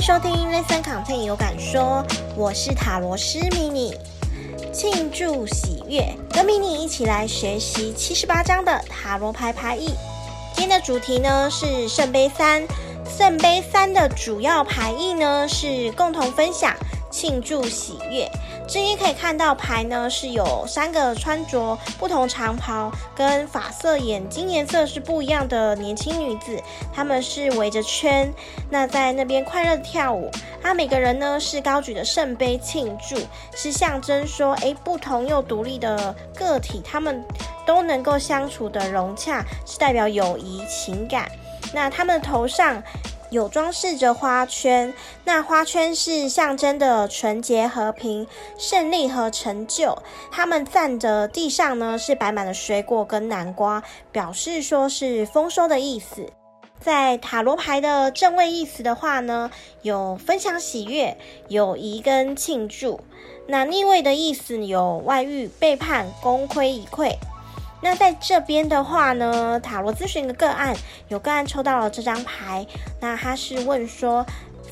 收聽 Listen Content，有感說，我是塔羅師 mini，慶祝喜悅，跟 mini 一起來學習七十八張的塔羅牌牌意。今天的主題呢是聖杯三，聖杯三的主要牌意呢是共同分享。慶祝喜悅，這一可以看到牌呢，是有三個穿着不同長袍、跟髮色、眼睛顏色是不一樣的年輕女子，他們是圍着圈，那在那邊快樂跳舞。那每個人呢是高舉著聖杯慶祝，是象徵說，誒，不同又獨立的個體，他們都能夠相處得融洽，是代表友誼情感。那他們的頭上，有裝飾着花圈，那花圈是象徵的純潔、和平、勝利和成就。他們站的地上呢，是擺滿了水果跟南瓜，表示說是豐收的意思。在塔羅牌的正位意思的話呢，有分享喜悅、友誼跟慶祝。那逆位的意思有外遇、背叛、功虧一簣。那在這邊的話呢，塔羅諮詢的個案，有個案抽到了這張牌。那他是問說，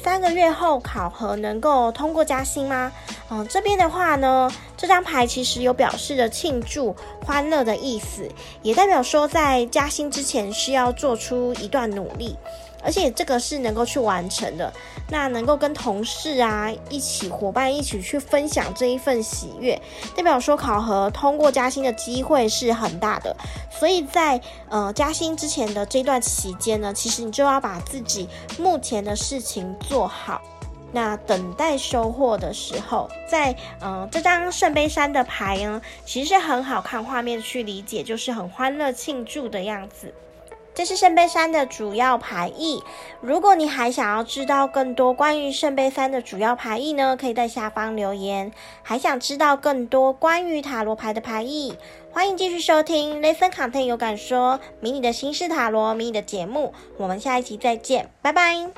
三個月後考核能夠通過加薪嗎？嗯，這邊的話呢。這張牌其實有表示着慶祝、歡樂的意思，也代表說在加薪之前需要做出一段努力，而且這個是能夠去完成的。那能夠跟同事啊一起、夥伴一起去分享這一份喜悅，代表說考核通過加薪的機會是很大的。所以在呃加薪之前的這段期間呢，其實你就要把自己目前的事情做好。那等待收穫的時候，在嗯、呃、這張聖杯三的牌呢，其實是很好看畫面去理解，就是很歡樂慶祝的樣子。這是聖杯三的主要牌意。如果你還想要知道更多關於聖杯三的主要牌意呢，可以在下方留言。還想知道更多關於塔羅牌的牌意，歡迎繼續收聽 ListenContent 有感說迷你的心事塔羅迷你的節目。我們下一集再見，拜拜。